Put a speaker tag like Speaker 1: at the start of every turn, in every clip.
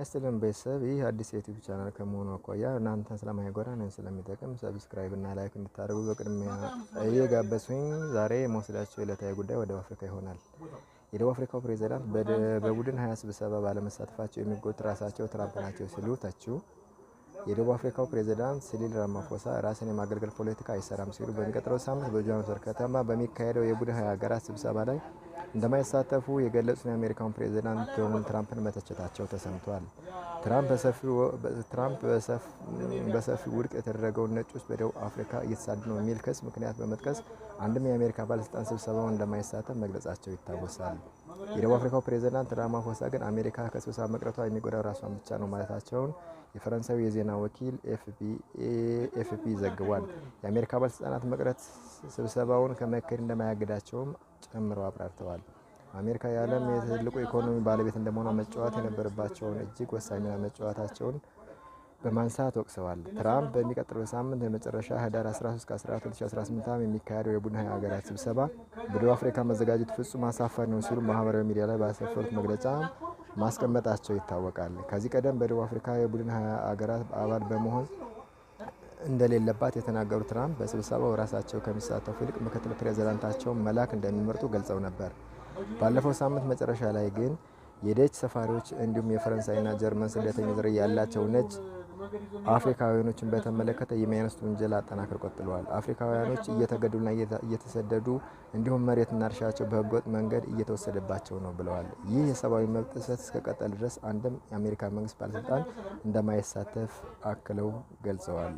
Speaker 1: ያስለን ቤተሰብ ይህ አዲስ የዩቲዩብ ቻናል ከመሆኑ አኳያ እናንተን ስለማይጎዳ እኔን ስለሚጠቅም ሰብስክራይብ እና ላይክ እንድታደርጉ በቅድሚያ እየጋበሱኝ፣ ዛሬ መወስዳቸው ዕለታዊ ጉዳይ ወደ አፍሪካ ይሆናል። የደቡብ አፍሪካው ፕሬዚዳንት በቡድን ሀያ ስብሰባ ባለመሳተፋቸው የሚጎት ራሳቸው ትራምፕ ናቸው ሲሉ ተቹ። የደቡብ አፍሪካው ፕሬዝዳንት ሲሪል ራማፎሳ ራስን የማገልገል ፖለቲካ አይሰራም ሲሉ በሚቀጥለው ሳምንት በጆሃንስበርግ ከተማ በሚካሄደው የቡድን ሀያ ሀገራት ስብሰባ ላይ እንደማይሳተፉ የገለጹትን የአሜሪካውን ፕሬዝዳንት ዶናልድ ትራምፕን መተቸታቸው ተሰምቷል። ትራምፕ በሰፊው ውድቅ የተደረገውን ነጮች በደቡብ አፍሪካ እየተሳድ ነው የሚል ክስ ምክንያት በመጥቀስ አንድም የአሜሪካ ባለስልጣን ስብሰባውን እንደማይሳተፍ መግለጻቸው ይታወሳል። የደቡብ አፍሪካው ፕሬዝዳንት ራማፎሳ ግን አሜሪካ ከስብሰባ መቅረቷ የሚጎዳው ራሷን ብቻ ነው ማለታቸውን የፈረንሳዊ የዜና ወኪል ኤፍፒ ዘግቧል። የአሜሪካ ባለስልጣናት መቅረት ስብሰባውን ከመካሄድ እንደማያግዳቸውም ጨምረው አብራርተዋል። አሜሪካ የዓለም የትልቁ ኢኮኖሚ ባለቤት እንደመሆኗ መጫወት የነበረባቸውን እጅግ ወሳኝ ሚና መጫወታቸውን በማንሳት ወቅሰዋል። ትራምፕ በሚቀጥለው ሳምንት የመጨረሻ ህዳር 13-14/2018 የሚካሄደው የቡድን ሀያ ሀገራት ስብሰባ በደቡብ አፍሪካ መዘጋጀት ፍጹም አሳፋሪ ነው ሲሉ ማህበራዊ ሚዲያ ላይ ባሰፈሩት መግለጫ ማስቀመጣቸው ይታወቃል። ከዚህ ቀደም በደቡብ አፍሪካ የቡድን ሀያ አገራት አባል በመሆን እንደሌለባት የተናገሩት ትራምፕ በስብሰባው ራሳቸው ከሚሳተፉ ይልቅ ምክትል ፕሬዚዳንታቸውን መላክ እንደሚመርጡ ገልጸው ነበር። ባለፈው ሳምንት መጨረሻ ላይ ግን የደች ሰፋሪዎች እንዲሁም የፈረንሳይና ጀርመን ስደተኛ ዝርያ ያላቸው ነጭ አፍሪካውያኖችን በተመለከተ የሚያነሱት ውንጀላ አጠናክር ቀጥለዋል። አፍሪካውያኖች እየተገደሉና እየተሰደዱ እንዲሁም መሬትና እርሻቸው በህገወጥ መንገድ እየተወሰደባቸው ነው ብለዋል። ይህ የሰብአዊ መብት ጥሰት እስከቀጠል ድረስ አንድም የአሜሪካ መንግስት ባለስልጣን እንደማይሳተፍ አክለው ገልጸዋል።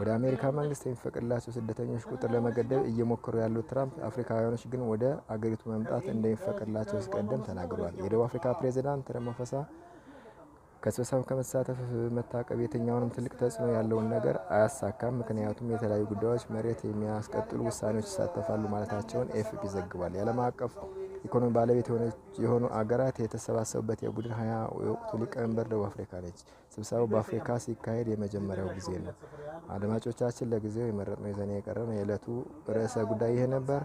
Speaker 1: ወደ አሜሪካ መንግስት የሚፈቅድላቸው ስደተኞች ቁጥር ለመገደብ እየሞከሩ ያሉት ትራምፕ አፍሪካውያኖች ግን ወደ አገሪቱ መምጣት እንደሚፈቅድላቸው ሲቀደም ተናግሯል። የደቡብ አፍሪካ ፕሬዚዳንት ረመፈሳ ከስብሰባው ከመሳተፍ መታቀብ የትኛውንም ትልቅ ተጽዕኖ ያለውን ነገር አያሳካም፣ ምክንያቱም የተለያዩ ጉዳዮች መሬት የሚያስቀጥሉ ውሳኔዎች ይሳተፋሉ ማለታቸውን ኤፍፒ ዘግቧል። የዓለም አቀፍ ኢኮኖሚ ባለቤት የሆኑ አገራት የተሰባሰቡበት የቡድን ሀያ የወቅቱ ሊቀመንበር ደቡብ አፍሪካ ነች። ስብሰባው በአፍሪካ ሲካሄድ የመጀመሪያው ጊዜ ነው። አድማጮቻችን፣ ለጊዜው የመረጥነው ይዘን የቀረብነው የዕለቱ ርዕሰ ጉዳይ ይሄ ነበር።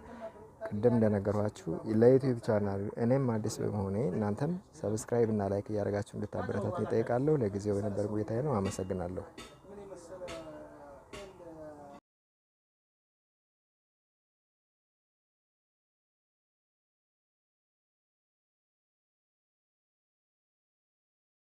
Speaker 1: ቅድም እንደነገሯችሁ ለዩቲዩብ ቻናል እኔም አዲስ በመሆኔ እናንተም ሰብስክራይብ እና ላይክ እያደረጋችሁ እንድታበረታት ይጠይቃለሁ። ለጊዜው የነበር ቆይታዬ ነው። አመሰግናለሁ።